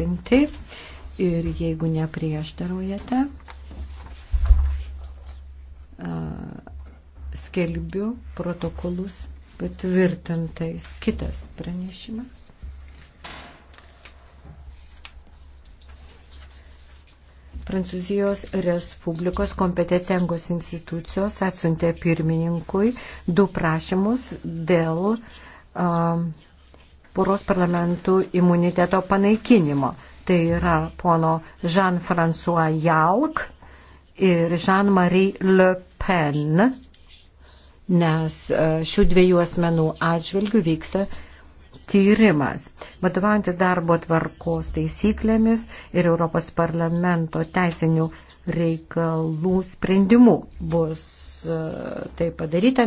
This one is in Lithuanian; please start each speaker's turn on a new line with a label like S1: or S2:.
S1: Pinti. Ir jeigu neprieštaraujate, skelbiu protokolus patvirtintais. Kitas pranešimas. Prancūzijos Respublikos kompetitengos institucijos atsiuntė pirmininkui du prašymus dėl uh, um, poros parlamentų imuniteto panaikinimo. Tai yra pono Jean-François Jalk ir Jean-Marie Le Pen, nes e, šių dviejų asmenų atžvilgių vyksta tyrimas. Vadovaujantis darbo tvarkos taisyklėmis ir Europos parlamento teisinių reikalų sprendimu bus e, tai padaryta.